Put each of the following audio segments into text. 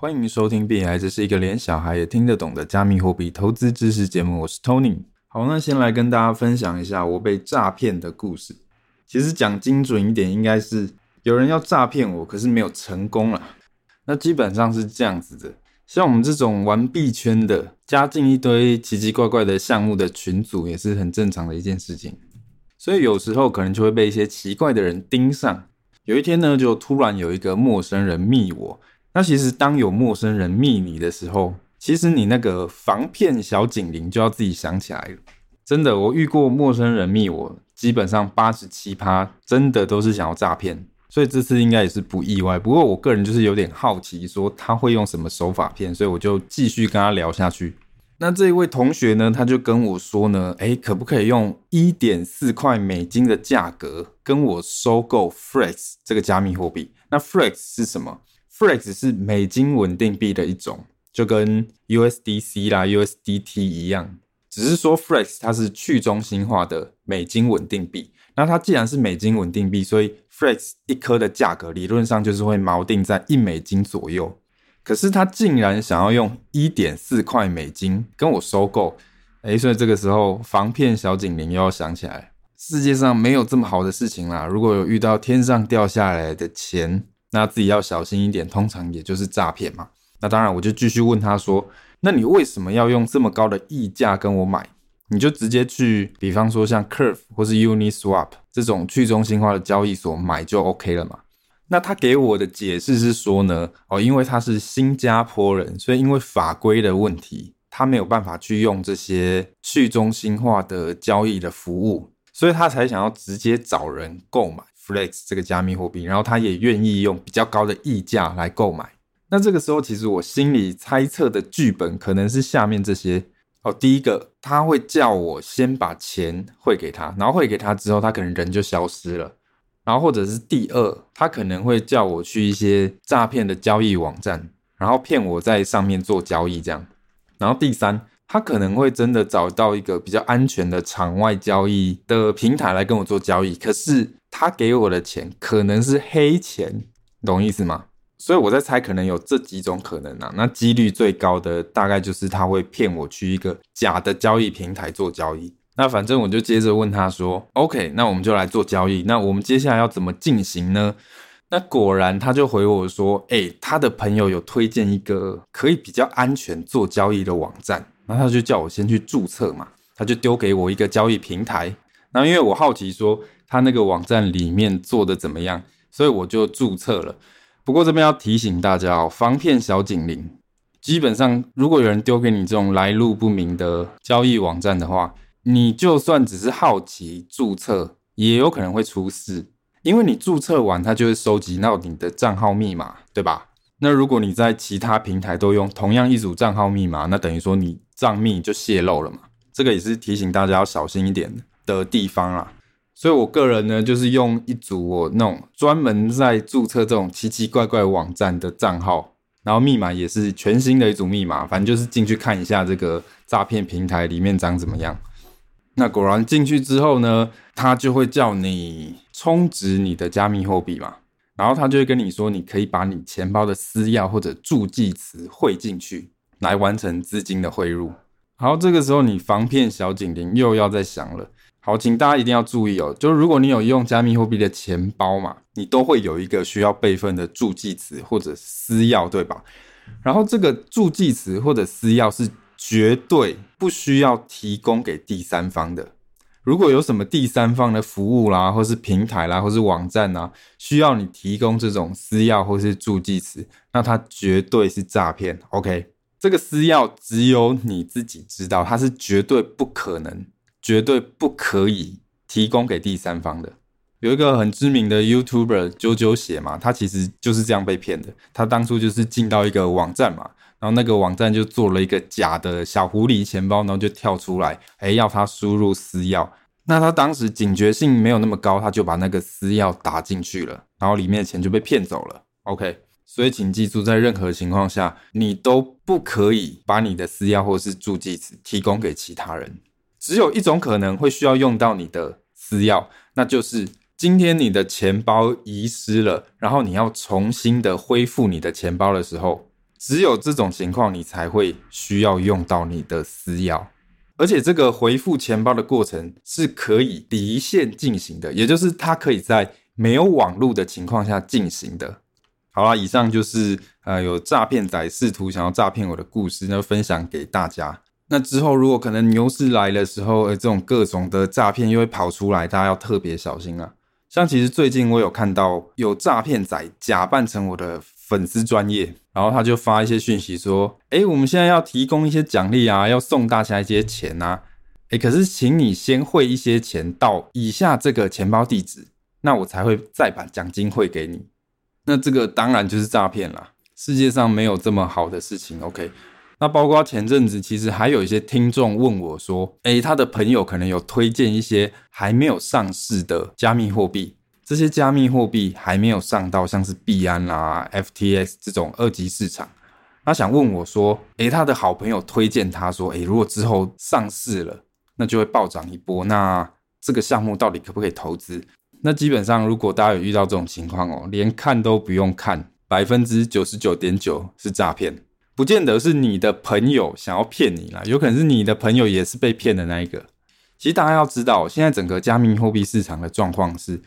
歡迎收聽幣海，這是一個連小孩也聽得懂的加密貨幣投資知識節目。我是 Tony。好，那先來跟大家分享一下我被詐騙的故事。其實講精準一點，應該是有人要詐騙我，可是沒有成功了啊。那基本上是這樣子的，像我們這種玩幣圈的，加進一堆奇奇怪怪的項目的群組，也是很正常的一件事情。所以有時候可能就會被一些奇怪的人盯上。有一天呢，就突然有一個陌生人密我。那其實，當有陌生人密你的時候，其實你那個防騙小警鈴就要自己響起來了。真的，我遇過陌生人密我，基本上八十七趴真的都是想要詐騙，所以這次應該也是不意外。不過我個人就是有點好奇，說他會用什麼手法騙，所以我就繼續跟他聊下去。那這一位同學呢，他就跟我說呢，誒、欸，可不可以用一點四塊美金的價格跟我收購 FREX 這個加密貨幣？那 FREX 是什麼？FRAX 是美金穩定幣的一種，就跟 USDC 啦、USDT 一樣，只是說 FRAX 它是去中心化的美金穩定幣。那它既然是美金穩定幣，所以 FRAX 一顆的價格理論上就是會錨定在一美金左右。可是它竟然想要用一點四塊美金跟我收購，欸，所以這個時候防騙小警鈴又要想起來，世界上沒有這麼好的事情啦！如果有遇到天上掉下來的錢。那自己要小心一點，通常也就是詐騙嘛。那當然，我就繼續問他說：“那你為什麼要用這麼高的溢價跟我買？你就直接去，比方說像 Curve 或是 Uniswap 這種去中心化的交易所買就 OK 了嘛？”那他給我的解釋是說呢，哦，因為他是新加坡人，所以因為法規的問題，他沒有辦法去用這些去中心化的交易的服務，所以他才想要直接找人購買。Flex 這個加密貨幣，然後他也願意用比較高的溢價來購買。那這個時候，其實我心裡猜測的劇本可能是下面這些：哦，第一個，他會叫我先把錢匯給他，然後匯給他之後，他可能人就消失了。然後或者是第二，他可能會叫我去一些詐騙的交易網站，然後騙我在上面做交易這樣。然後第三，他可能會真的找到一個比較安全的場外交易的平台來跟我做交易，可是，他給我的錢可能是黑錢，懂意思嗎？所以我在猜，可能有這幾種可能啊。那幾率最高的大概就是他會騙我去一個假的交易平台做交易。那反正我就接着問他說：“OK，那我們就來做交易。那我們接下來要怎麼進行呢？”那果然他就回我說：“欸，他的朋友有推薦一個可以比較安全做交易的網站。那他就叫我先去注冊嘛，他就丟給我一個交易平台。”那因為我好奇說他那個網站裡面做的怎麼樣，所以我就註冊了。不過這邊要提醒大家哦，防騙小警鈴。基本上，如果有人丟給你這種來路不明的交易網站的話，你就算只是好奇註冊，也有可能會出事。因為你註冊完，它就會收集到你的賬號密碼，對吧？那如果你在其他平台都用同樣一組賬號密碼，那等於說你賬密就洩露了嘛。這個也是提醒大家要小心一點的。的地方啦，啊，所以我個人呢，就是用一組我那種專門在註冊這種奇奇怪怪網站的賬號然後密碼也是全新的一組密碼，反正就是進去看一下這個詐騙平台裡面長怎麼樣。那果然進去之後呢，他就會叫你充值你的加密貨幣嘛，然後他就會跟你說，你可以把你錢包的私鑰或者助記詞匯進去，來完成資金的匯入。好，這個時候你防騙小警鈴又要再響了。好，請大家一定要注意哦，就是如果你有用加密貨幣的錢包嘛，你都會有一個需要備份的助記詞或者私鑰，對吧？然後這個助記詞或者私鑰是絕對不需要提供給第三方的。如果有什麼第三方的服務啦，或是平台啦，或是網站啊，需要你提供這種私鑰或是助記詞，那它絕對是詐騙，OK。這個私鑰只有你自己知道，它是絕對不可能。絕對不可以提供給第三方的。有一個很知名的 YouTuber 啾啾鞋嘛，他其實就是這樣被騙的。他當初就是進到一個網站嘛，然後那個網站就做了一個假的小狐狸錢包，然後就跳出來，欸，要他輸入私鑰。那他當時警覺性沒有那麼高，他就把那個私鑰打進去了，然後裡面的錢就被騙走了。OK，所以請記住，在任何情況下，你都不可以把你的私鑰或者是助記詞提供給其他人。只有一種可能會需要用到你的私鑰，那就是今天你的錢包遺失了，然後你要重新的恢復你的錢包的時候，只有這種情況你才會需要用到你的私鑰。而且這個恢復錢包的過程是可以離線進行的，也就是它可以在沒有網絡的情況下進行的。好啦，以上就是呃有詐騙仔試圖想要詐騙我的故事呢，分享給大家。那之後，如果可能牛市來的時候，呃、欸，這種各種的詐騙又會跑出來，大家要特別小心啊！像其實最近我有看到有詐騙仔假扮成我的粉絲專頁，然後他就發一些訊息說：“哎、欸，我們現在要提供一些獎勵啊，要送大家一些錢啊，哎、欸，可是請你先匯一些錢到以下這個錢包地址，那我才會再把獎金匯給你。”那這個當然就是詐騙啦，世界上沒有這麼好的事情。OK。那包括前陣子，其實還有一些聽眾問我說：“誒，他的朋友可能有推薦一些還沒有上市的加密貨幣，這些加密貨幣還沒有上到像是幣安啦、啊、FTX 這種二級市場，他想問我說：‘誒，他的好朋友推薦他說：‘誒，如果之後上市了，那就會暴漲一波。那這個項目到底可不可以投資？’那基本上，如果大家有遇到這種情況哦，連看都不用看，百分之九十九點九是詐騙。”不見得是你的朋友想要騙你啦，有可能是你的朋友也是被騙的那一個。其實大家要知道，現在整個加密貨幣市場的狀況是，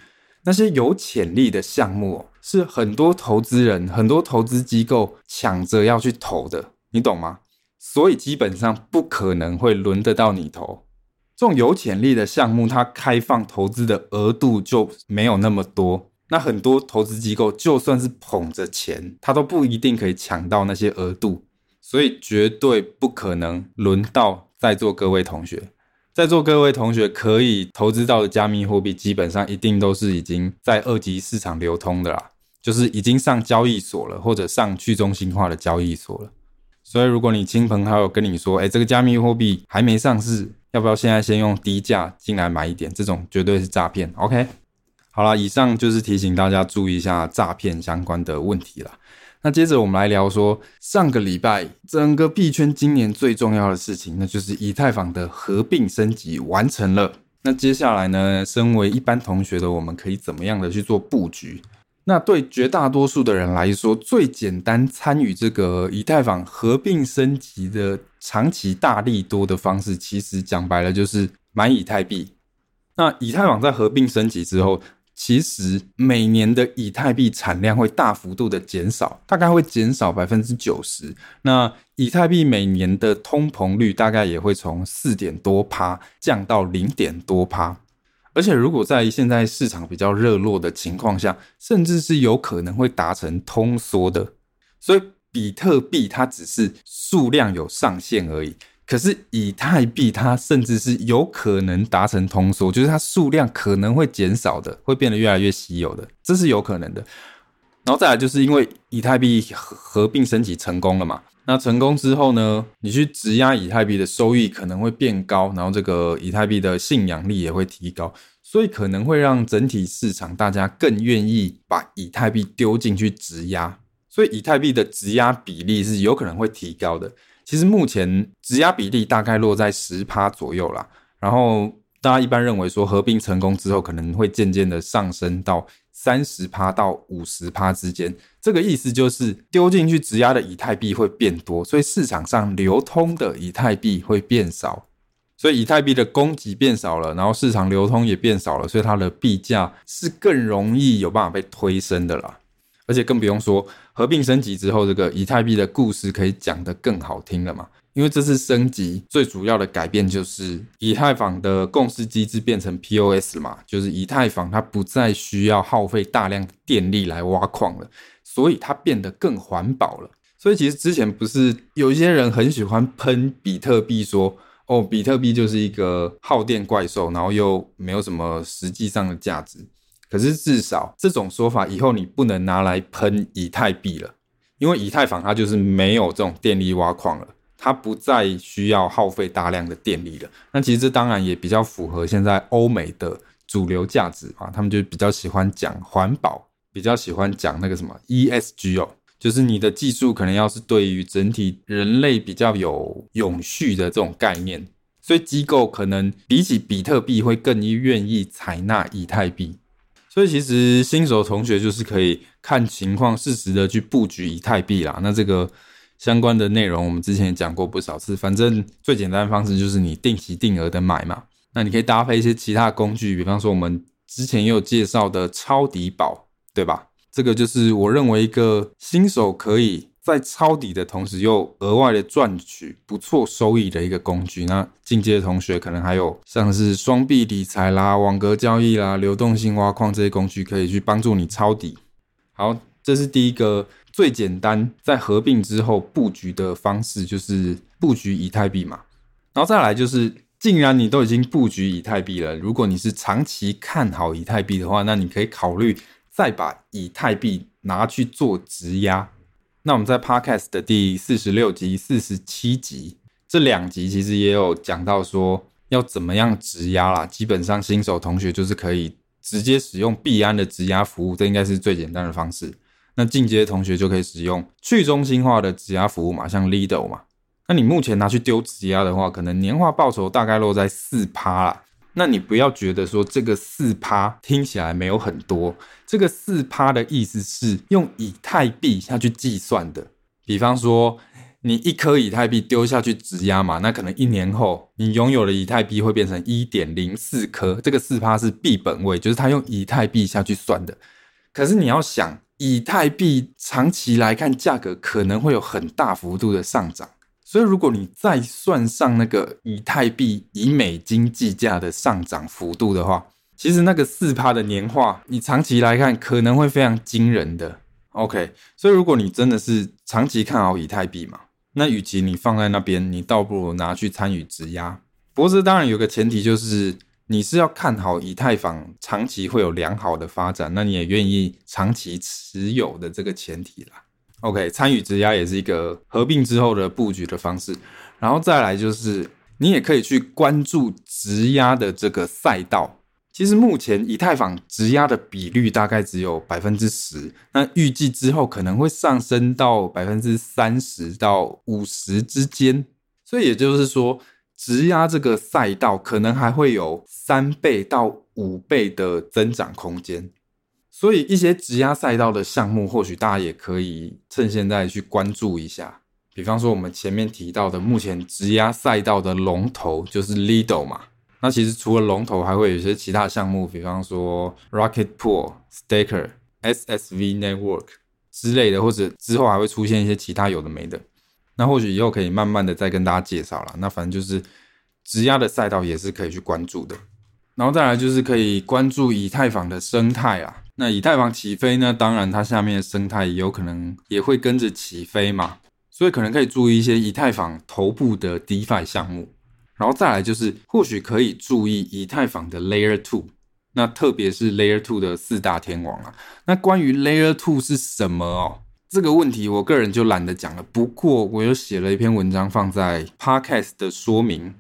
那些有潛力的項目，是很多投資人、很多投資機構搶着要去投的，你懂嗎？所以基本上不可能會輪得到你投。這種有潛力的項目，它開放投資的額度就沒有那麼多。那很多投資機構，就算是捧着錢，他都不一定可以搶到那些額度，所以絕對不可能輪到在座各位同學。在座各位同學可以投資到的加密貨幣，基本上一定都是已經在二級市場流通的啦，就是已經上交易所了，或者上去中心化的交易所了。所以，如果你親朋好友跟你說，欸，這個加密貨幣還沒上市，要不要現在先用低價進來買一點？這種絕對是詐騙。OK。好啦，以上就是提醒大家注意一下詐騙相關的問題了。那接着我們來聊說，上個禮拜整個幣圈今年最重要的事情，那就是以太坊的合併升級完成了。那接下來呢，身為一般同學的我們可以怎麼樣的去做布局？那對絕大多數的人來說，最簡單參與這個以太坊合併升級的長期大利多的方式，其實講白了就是買以太幣。那以太坊在合併升級之後，其實每年的以太幣產量會大幅度的減少，大概會減少百分之九十。那以太幣每年的通膨率大概也會從四點多趴降到零點多趴。而且如果在現在市場比較熱絡的情況下，甚至是有可能會達成通縮的。所以比特幣它只是數量有上限而已。可是以太幣它甚至是有可能達成通縮，就是它數量可能會減少的、會變得越來越稀有的，這是有可能的。然後再來就是因為以太幣合合併升級成功了嘛，那成功之後呢，你去質押以太幣的收益可能會變高，然後這個以太幣的信仰力也會提高，所以可能會讓整體市場大家更願意把以太幣丟進去質押，所以以太幣的質押比例是有可能會提高的。其實目前質押比例大概落在十趴左右啦，然後大家一般認為說合併成功之後可能會漸漸的上升到三十趴到五十趴之間，這個意思就是丟進去質押的以太幣會變多，所以市場上流通的以太幣會變少，所以以太幣的供給變少了，然後市場流通也變少了，所以它的幣價是更容易有辦法被推升的啦，而且更不用說。合併升級之後，這個以太幣的故事可以講得更好聽了嘛？因為這次升級最主要的改變就是以太坊的共識機制變成 POS 嘛，就是以太坊它不再需要耗費大量電力來挖礦了，所以它變得更環保了。所以其實之前不是有一些人很喜歡噴比特幣，說哦，比特幣就是一個耗電怪獸，然後又沒有什麼實際上的價值。可是至少這種說法以後你不能拿來噴以太幣了，因為以太坊它就是沒有這種電力挖礦了，它不再需要耗費大量的電力了。那其實這當然也比較符合現在歐美的主流價值啊，他們就比較喜歡講環保，比較喜歡講那個什麼 ESG 哦，就是你的技術可能要是對於整體人類比較有永續的這種概念，所以機構可能比起比特幣會更願意採納以太幣。所以其實新手同學就是可以看情況適時的去布局以太幣啦。那這個相關的內容我們之前也講過不少次，反正最簡單的方式就是你定期定額的買嘛。那你可以搭配一些其他工具，比方說我們之前也有介紹的抄底寶，對吧？這個就是我認為一個新手可以。在抄底的同時，又額外的賺取不錯收益的一個工具。那進階的同學可能還有像是雙幣理財啦、網格交易啦、流動性挖礦這些工具，可以去幫助你抄底。好，這是第一個最簡單，在合併之後佈局的方式，就是佈局以太幣嘛。然後再來就是，既然你都已經佈局以太幣了，如果你是長期看好以太幣的話，那你可以考慮再把以太幣拿去做質押。那我們在 podcast 的第四十六集、四十七集這兩集，其實也有講到說要怎麼樣質押啦。基本上新手同學就是可以直接使用幣安的質押服務，這應該是最簡單的方式。那進階的同學就可以使用去中心化的質押服務嘛，像 Lido 嘛。那你目前拿去丟質押的話，可能年化報酬大概落在四趴啦。那你不要覺得說這個四趴聽起來沒有很多，這個四趴的意思是用以太幣下去計算的。比方說，你一顆以太幣丟下去質押嘛，那可能一年後你擁有的以太幣會變成一點零四顆。這個四趴是幣本位，就是它用以太幣下去算的。可是你要想，以太幣長期來看價格可能會有很大幅度的上漲。所以，如果你再算上那個以太幣以美金計價的上漲幅度的話，其實那個四趴的年化，你長期來看可能會非常驚人的。OK，所以如果你真的是長期看好以太幣嘛，那與其你放在那邊，你倒不如拿去參與質押。不過這當然有個前提，就是你是要看好以太坊長期會有良好的發展，那你也願意長期持有的這個前提啦。OK，參與質押也是一個合併之後的布局的方式，然後再來就是你也可以去關注質押的這個賽道。其實目前以太坊質押的比率大概只有百分之十，那預計之後可能會上升到百分之三十到五十之間，所以也就是說，質押這個賽道可能還會有三倍到五倍的增長空間。所以一些質押賽道的項目，或許大家也可以趁現在去關注一下。比方說我們前面提到的，目前質押賽道的龍頭就是 Lido 嘛。那其實除了龍頭，還會有一些其他項目，比方說 Rocket Pool、Staker、SSV Network 之類的，或者之後還會出現一些其他有的沒的。那或許以後可以慢慢的再跟大家介紹了。那反正就是質押的賽道也是可以去關注的。然後再來就是可以關注以太坊的生態啊。那以太坊起飛呢？當然，它下面的生態也有可能也會跟着起飛嘛。所以可能可以注意一些以太坊頭部的 DeFi 項目，然後再來就是或許可以注意以太坊的 Layer Two。那特別是 Layer Two 的四大天王啊。那關於 Layer Two 是什麼哦？這個問題我個人就懶得講了。不過，我又寫了一篇文章放在 Podcast 的說明，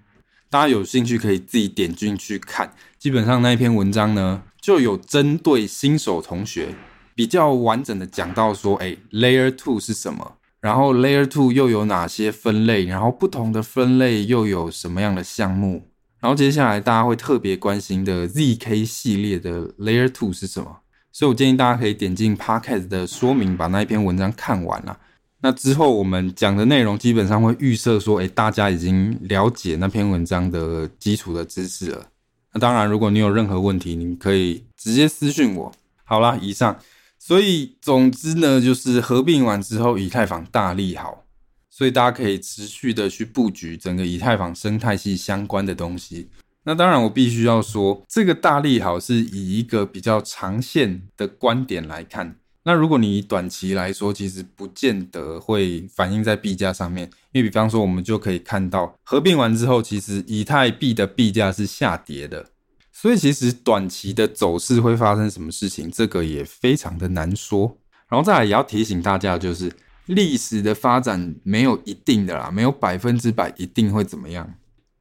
大家有興趣可以自己點進去看。基本上那一篇文章呢。就有針對新手同學比較完整的講到說，哎、欸、，Layer Two 是什麼？然後 Layer Two 又有哪些分類？然後不同的分類又有什麼樣的項目？然後接下來大家會特別關心的 ZK 系列的 Layer Two 是什麼？所以我建議大家可以點進 Podcast 的說明，把那一篇文章看完了、啊。那之後我們講的內容基本上會預設說，哎、欸，大家已經了解那篇文章的基礎的知識了。那當然，如果你有任何問題，你可以直接私訊我。好啦，以上。所以，總之呢，就是合併完之後，以太坊大利好，所以大家可以持續的去布局整個以太坊生態系相關的東西。那當然，我必須要說，這個大利好是以一個比較長線的觀點來看。那如果你以短期來說，其實不見得會反映在幣價上面，因為比方說我們就可以看到合併完之後，其實以太幣的幣價是下跌的，所以其實短期的走勢會發生什麼事情，這個也非常的難說。然後再來也要提醒大家，就是歷史的發展沒有一定的啦，沒有百分之百一定會怎麼樣。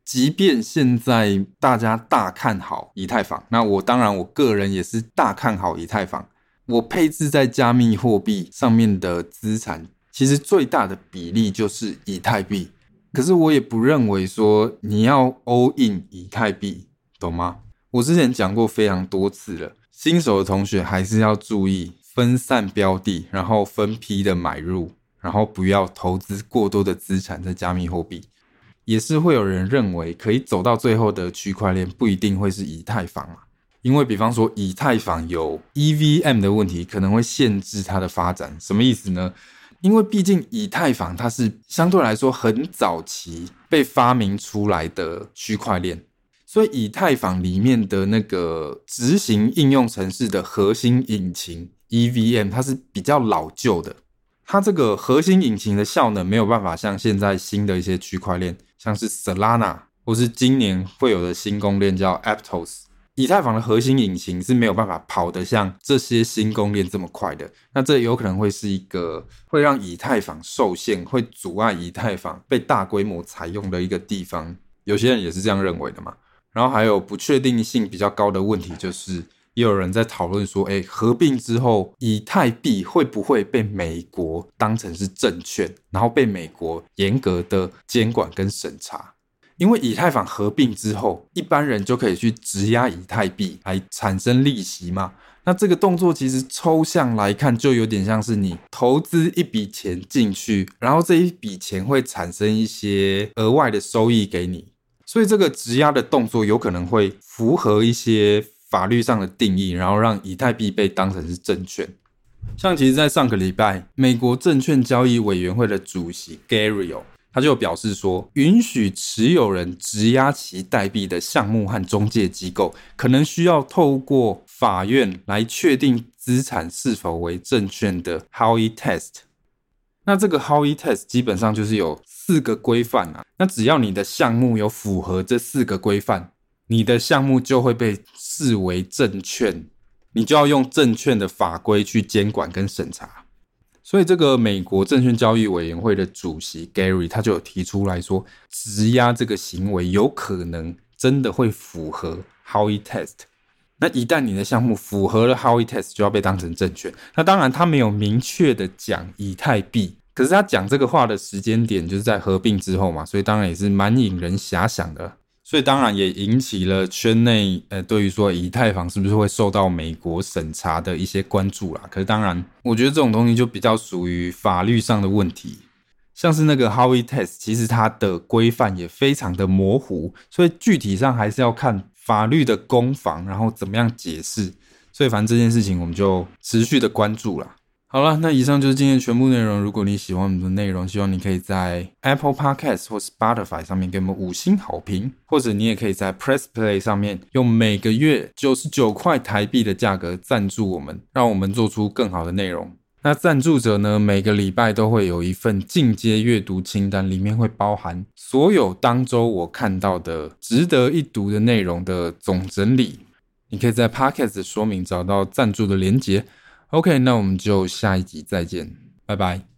即便現在大家大看好以太坊，那我當然我個人也是大看好以太坊。我配置在加密貨幣上面的資產，其實最大的比例就是以太幣。可是我也不認為說你要 all in 以太幣，懂嗎？我之前講過非常多次了，新手的同學還是要注意分散標的，然後分批的買入，然後不要投資過多的資產在加密貨幣。也是會有人認為可以走到最後的區塊鏈不一定會是以太坊。因為比方說，以太坊有 EVM 的問題，可能會限制它的發展。什麼意思呢？因為畢竟以太坊它是相對來說很早期被發明出來的區塊鏈，所以以太坊裡面的那個執行應用程式的核心引擎 EVM，它是比較老舊的。它這個核心引擎的效能沒有辦法像現在新的一些區塊鏈，像是 Solana 或是今年會有的新公鏈叫 Aptos。以太坊的核心引擎是沒有辦法跑得像這些新公鏈這麼快的，那這有可能會是一個會讓以太坊受限、會阻礙以太坊被大規模採用的一個地方。有些人也是這樣認為的嘛。然後還有不確定性比較高的問題，就是也有人在討論說，哎、欸，合併之後，以太幣會不會被美國當成是證券，然後被美國嚴格的監管跟審查？因為以太坊合併之後，一般人就可以去質押以太幣來產生利息嘛。那這個動作其實抽象來看，就有點像是你投資一筆錢進去，然後這一筆錢會產生一些額外的收益給你。所以這個質押的動作有可能會符合一些法律上的定義，然後讓以太幣被當成是證券。像其實，在上個禮拜，美國證券交易委員會的主席 Gary。他就表示說，允許持有人質押其代幣的項目和中介機構，可能需要透過法院來確定資產是否為證券的 Howey Test。那這個 Howey Test 基本上就是有四個規範啊，那只要你的項目有符合這四個規範，你的項目就會被視為證券，你就要用證券的法規去監管跟審查。所以，這個美國證券交易委員會的主席 Gary，他就有提出來說，質押這個行為有可能真的會符合 Howey Test。那一旦你的項目符合了 Howey Test，就要被當成證券。那當然，他沒有明確的講以太幣，可是他講這個話的時間點就是在合併之後嘛，所以當然也是蠻引人遐想的。所以當然也引起了圈內呃對於說以太坊是不是會受到美國審查的一些關注啦。可是當然，我覺得這種東西就比較屬於法律上的問題，像是那個 Howey Test，其實它的規範也非常的模糊，所以具體上還是要看法律的攻防，然後怎麼樣解釋。所以反正這件事情我們就持續的關注啦。好啦，那以上就是今天全部內容。如果你喜歡我們的內容，希望你可以在 Apple Podcast 或 Spotify 上面給我們五星好評，或者你也可以在 Press Play 上面用每個月九十九塊台幣的價格贊助我們，讓我們做出更好的內容。那贊助者呢，每個禮拜都會有一份進階閱讀清單，裡面會包含所有當周我看到的值得一讀的內容的總整理。你可以在 Podcast 說明找到贊助的連結。OK，那我們就下一集再見，拜拜。